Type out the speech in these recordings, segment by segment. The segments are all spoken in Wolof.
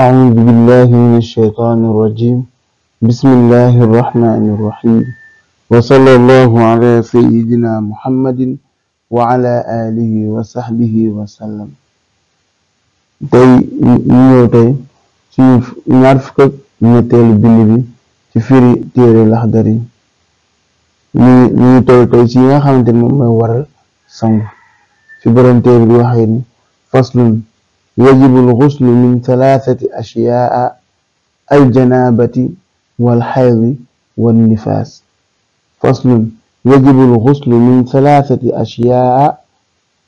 أعوذ بالله من الشيطان الرجيم بسم الله الرحمن الرحيم وصلى الله على سيدنا محمد وعلى آله وصحبه وسلم tey ñëw tey ci ñaar fukk ak ñetteelu bind bi ci firi téere Laxdari ñu ñu toll tey ci yi nga xamante ne moom mooy waral sangu fi borom téere bi waxee ni faslun yajibu alxuslu min talaatati ashyaa aljanaabati walxaydi wannifaas faslun yajibu alxuslu min talaatati ashyaa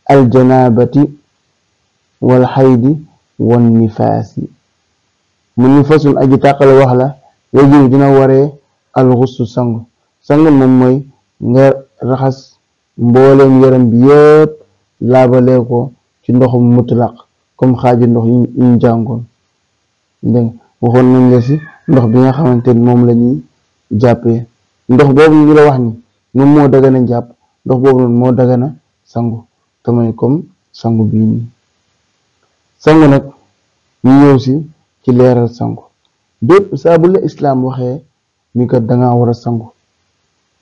aljanaabati walxaydi wannifaasi mu ni faslun aji tàqale wax la yajibu dina waree alxuslu sangu sangu nag mooy nga raxas mbooleem yaram bi yépp laabalee ko ci ndoxum mutlaq comme xaaj ndox yi ñu jàngoon waxoon nañ la si ndox bi nga xamante ni moom la ñuy jàppee ndox boobu ñu la wax ni moom moo dagana jàpp ndox boobu noonu moo dagana sangu te comme sangu bii nii sangu nag ñu ñëw si ci leeral sangu bépp saa bu la islaam waxee ni ko danga war a sangu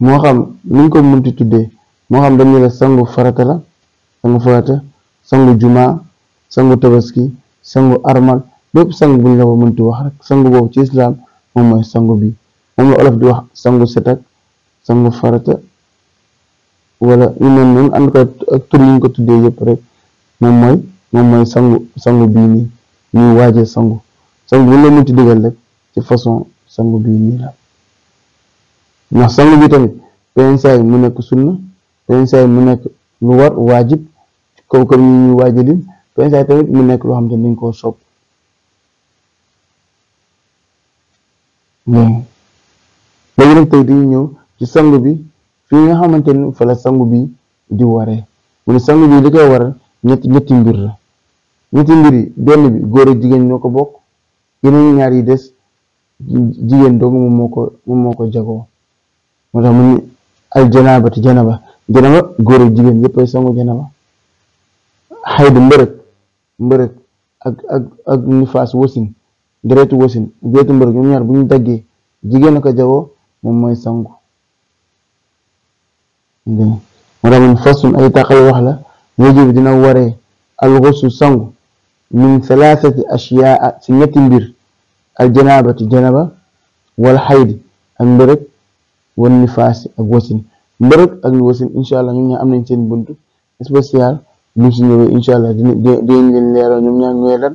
moo xam nuñ ko munti tuddee moo xam dañu la sangu farata la sangu farata sangu jumaa sangu tabaski sangu armal bépp sangu bu ñu la ko mënti wax rek sangu boobu ci islam moom mooy sangu bi moom la olof di wax sangu set ak sangu farata wala yu mel noonu ànd ak tur ñu ko tuddee yëpp rek moom mooy moom mooy sangu sangu bii nii ñuy waajee sangu sangu bu ñu la mënti digal rek ci façon sangu bii nii la ndax sangu bi tamit benn saa mu nekk sunna benn saa yi mu nekk lu war waajib ci kaw yi ñuy waajalim benn saa tamit mu nekk loo xam ne dañ koo sopp hmm. léegi nag tey dañu ci sangu bi fii nga xamante ni fa sangu bi di waree mu sangu bi li koy waral ñetti ñetti mbir la ñetti bi góor ak jigéen ñoo ko bokk ñaar yi des jigéen dong moom moo ko moom moo ko jagoo moo tax mu ne al janaabati janaba janaba góor ak jigéen yëpp ay sangu janaba xaydu mbërëg ak ak nifaas wasin deretu wasin deretu mbërëg ñoom ñaar bu ñu daggee jigéen ko jagoo moom mooy sangu moo mun fasun ay tàqal wax la yajibu dina waree alxusu sangu min thalathati ashyaa ci ñetti mbir al janaabati janaba wal xaydi ak mbërëg wal nifaasi ak wasin mbërëg ak wasin insha allah ñoom ñaar am nañ seen buntu spécial ñu si ñëwee incha allah dinañ leen leeral ñoom ñaar ñooy lan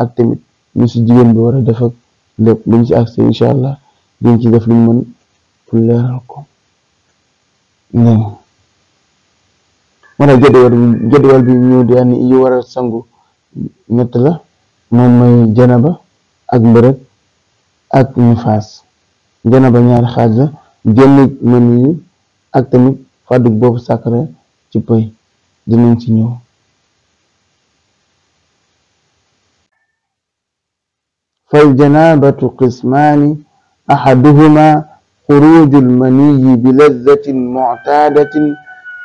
ak tamit ñu si jigéen bi war a def ak lépp luñ si accès incha allah dañ ci def luñ mën pour leeral ko bi jadwal war a sangu ñett la moom mooy janaba ak mbërëg ak nifaas janaba ñaari xaaj la mën yi ak tamit fàddug boobu sàkkara ci pëy dinañ ci ñëw فالجنابة قسمان أحدهما خروج المني بلذة معتادة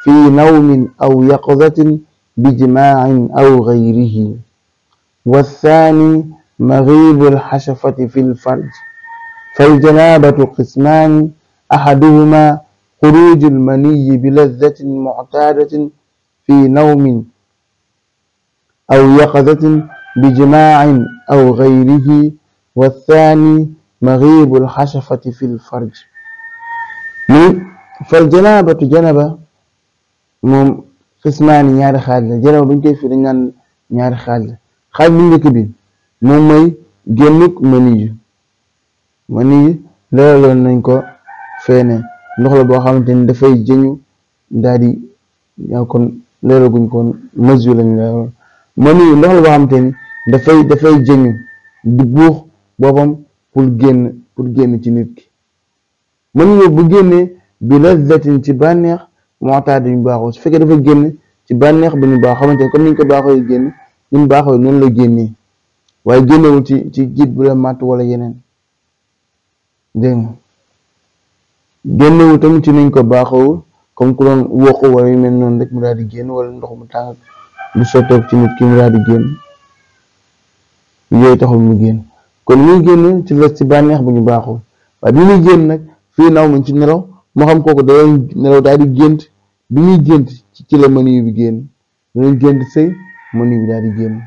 في نوم أو يقظة بجماع أو غيره والثاني مغيب الحشفة في الفرج فالجنابة قسمان أحدهما خروج المني بلذة معتادة في نوم أو يقظة بجماع أو غيره والثاني مغيب الحشفة في الفرج فالجنابة janaba moom xismaani ñaari xaaj la janaba bu ñu koy firi naan ñaari xaaj la xaaj bu njëkk bi moom mooy génnuk maniyu maniyu leeraloon nañ ko feene ndox la boo xamante ni dafay jëñu daal di kon leeraguñ ko mesure lañ leeral ma nuyu ndox la boo xam te dafay dafay jëñu di buux boppam pour génn pour génn ci nit ki ma nuyu bu génnee bi lazzatin ci bànneex moo tax dañu baaxoo su fekkee dafa génn ci bànneex ba ñu baax xamante comme niñ ko baaxoo génn ni mu baaxoo noonu la génnee waaye génnewul ci ci jiit bu la màtt wala yeneen dégg nga génnewul tamit ci niñ ko baaxoo comme ku doon woo ko wala mel noonu rek mu daal di génn wala ndox mu tàng bu sotteeku ci nit ki mu daal di génn yooyu taxul mu génn kon muy génn ci la ci bànneex bu ñu baaxul waaye bi muy génn nag fii naaw mu ci nelaw moo xam kooku da doon gént bi muy gént ci la mën yu bi génn da doon gént sëy mën yu bi daal di génn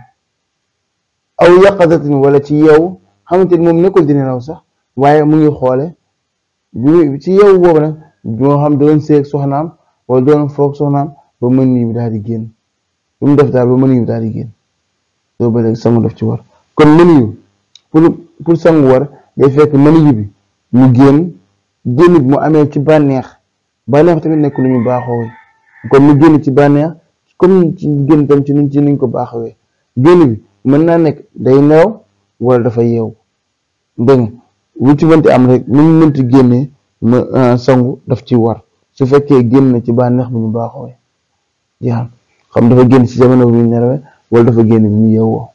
aw yaqazatin wala ci yeewu xamante ni moom nekkul di nelaw sax waaye mu ngi xoole ci yeewu boobu nag. ñoo xam doon seeg soxnaam wala doon foog soxnaam ba mën nii bi daal di génn lu mu def daal ba mën nii bi daal di génn soo ba léegi sangu daf ci war kon mën yu pour pour sangu war day fekk mën yu bi mu génn génn bi mu amee ci bànneex bànneex tamit nekk lu ñu baaxoo kon mu génn ci bànneex comme ci génn tam ci niñ ci niñ ko baaxawee génn bi mën naa nekk day neew wala dafa yeewu dégg nga wu ci mënti am rek ni mu mënti génnee ma ah, sangu daf ci war su fekkee génn ci bànneex bu ñu baaxoo jeexal xam dafa génn ci jamono bi ñu nelawee wala dafa génn bi ñu yeewoo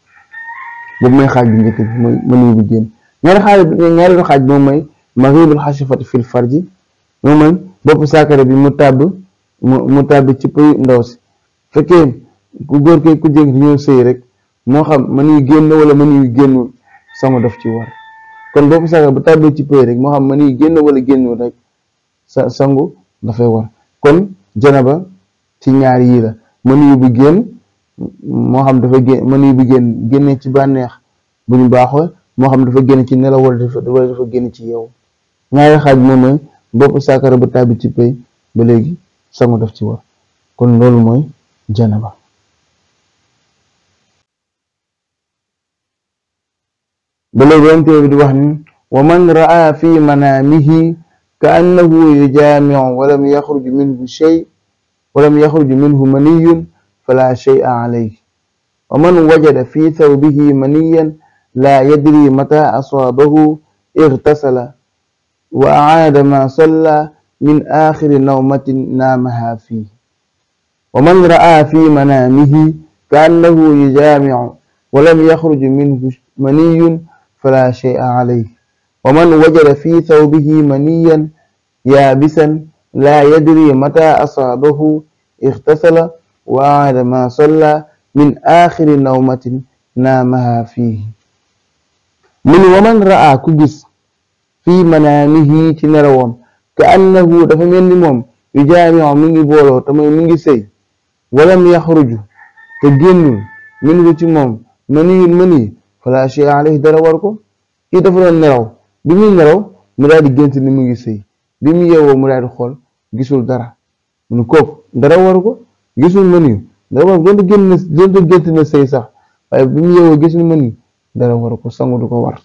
boobu mooy xaaj bi njëkk bi ma mënuñu bu génn ñaari xaaj ñaareelu xaaj moom mooy maghribul xasifati fil farji moom mooy bopp saakare bi mu tàbb mu mu tàbb ci pëy ndaw si fekkee ku góor kee ku jég ñoo sëy rek moo xam mënuñu génn wala mënuñu génnul sangu daf ci war kon boo ko bu ba ci pëy rek moo xam man ni génn wala génnul rek sa sangu dafay war kon janaba ci ñaar yii la man yu bi génn moo xam dafa génn man yu bi génn génne ci bànneex bu ñu baaxoo moo xam dafa génn ci nelaw wala dafa génn ci yeewu ñaari xaaj moom mooy bopp saakara ba tàbbi ci pëy ba léegi sangu def ci war kon loolu mooy janaba ba léegi yonent bi di wax ni wa man raa fi manaamihi ka annahu yujaamiu walam yaxruj minhu shay walam yaxruj minhu maniyun fala shay'a alayhi wa man wajada fi thawbihi maniyan laa yadri mata asaabahu igtasala wa acaada ma salla min aaxiri nawmatin naamaha fii wa man ra'aa fi manaamihi ka annahu yujaamiu walam yaxruj minhu maniyun فلا شيء عليه ومن وجد في ثوبه منيا يابسا لا يدري متى أصابه اغتسل وعاد ما صلى من آخر نومة naamaha fii mu ni waman raa ku gis fii manaamihi ci nerawam ka annahu dafa mel ni moom yu jaamiu mi ngi booloo te mooy mi ngi sëy walam yaxruju te génnul minhu ci moom maniyun mani fala shay alayhi dara war ko kii dafa doon nelaw bi muy nelaw mu daal di gént ni mu ngi sëy bi mu yeewoo mu daal di xool gisul dara mu ne dara war ko gisul menu dara war ko doonte na sëy sax waaye bi mu yeewoo gisul menu dara war ko sangu du ko war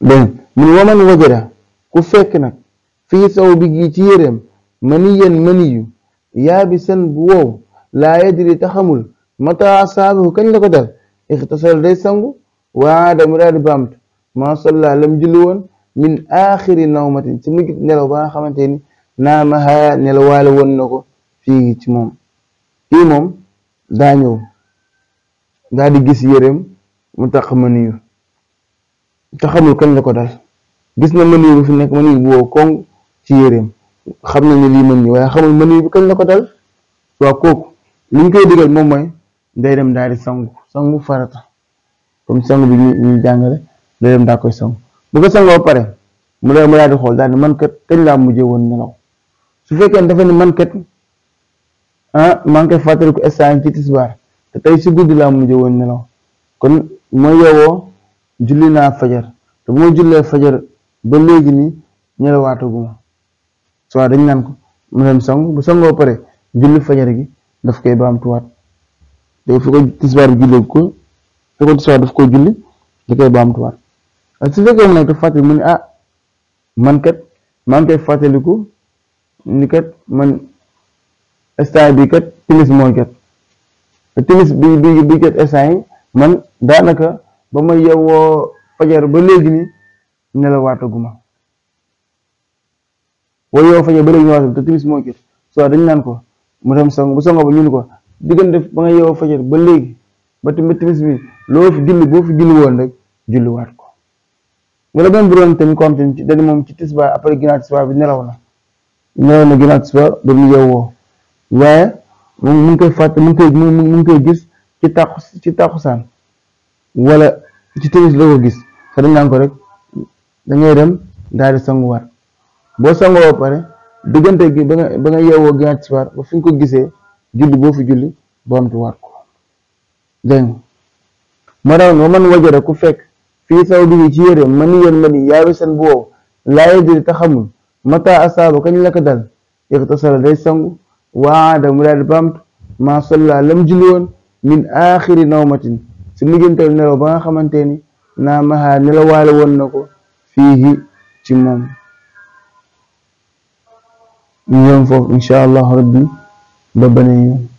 dégg mun waman wajara ku fekk nag fii saw bi gii ci yéreem mani yen mani yaabisan bu wow laa yadri ta xamul mata saabahu kañ la ko dal ixtasal day sangu waada mu daal di baamt maa salla lam julli woon min aaxiri nawmatin ci mujj nelaw ba nga xamante ni naamaha nelawaale woon na ko fii ci moom fii moom daa ñëw daa di gis yéreem mu taq maniyu te xamul kañ la ko dal gis na maniyu bu fi nekk maniyu bu wow koŋ ci yéreem xam nañ ne lii mën ñu waaye xamul mën yi bu kañ la ko dal waaw kooku li ñu koy digal moom mooy day dem daal di sangu sangu farata comme sangu bi ñu ñu jàngale day dem daa koy sangu bu ko sangoo pare mu doon mu di xool daal di man kat kañ laa mujje woon nelaw su fekkee dafa ne man kat ah maa ngi koy fàttaliku instant ci tisbaar te tey si guddi laa mujjee woon nelaw kon mooy yeewoo julli naa fajar te bu ma jullee fajar ba léegi nii nelawaataguma soit dañ naan ko mu dem sangu bu sangoo pare julli fajar gi daf koy baamtuwaat léegi fu ko tisbaar julli ko fu daf koy julli da koy baamtuwaat waaye su fekkee mu nekk fàttali mu ne ah man kat maa ngi koy fàttaliku ni kat man bi kat timis mooy kat bi bi bi kat instant man daanaka ba ma yeewoo fajar ba léegi nii nelawaataguma boo yow fajar ba léegi ñu waat te timis moo jot soit dañu naan ko mu dem sangu bu sango ba ñu ko diggante ba nga yow fajar ba léegi ba timis bi loo fi julli boo fi julli woon rek julli waat ko wala benn bu doon tamit ko am tamit dañu moom ci tisbaar après ginnaaw tisbaar bi nelaw na nelaw na ginnaaw tisbaar ba mu woo waaye mu ngi koy fàtt mu ngi koy mu ngi koy gis ci tàqu ci tàqusaan wala ci timis la ko gis fa dañ naan ko rek da ngay dem daal di sanguwaat boo sangoo ba pare diggante gi ba nga ba nga yeewoo ba fi nga ko gisee julli boo fi julli baamtu waat ko dégg nga moo tax man wajara ku fekk fii saw bi ci yére mani yéen mani yaawe seen bu wow laaye diri ta xamul mata asaaba kañ la ko dal yaxtasala day sangu waada mu daal di baamtu maa solla lam julli woon min aaxiri nawmatin si mujjantal nelaw ba nga xamante ni naa mahaa nelawaale woon na ko fii ci moom ñu yem foofu incha allah rabbi ba beneen yoon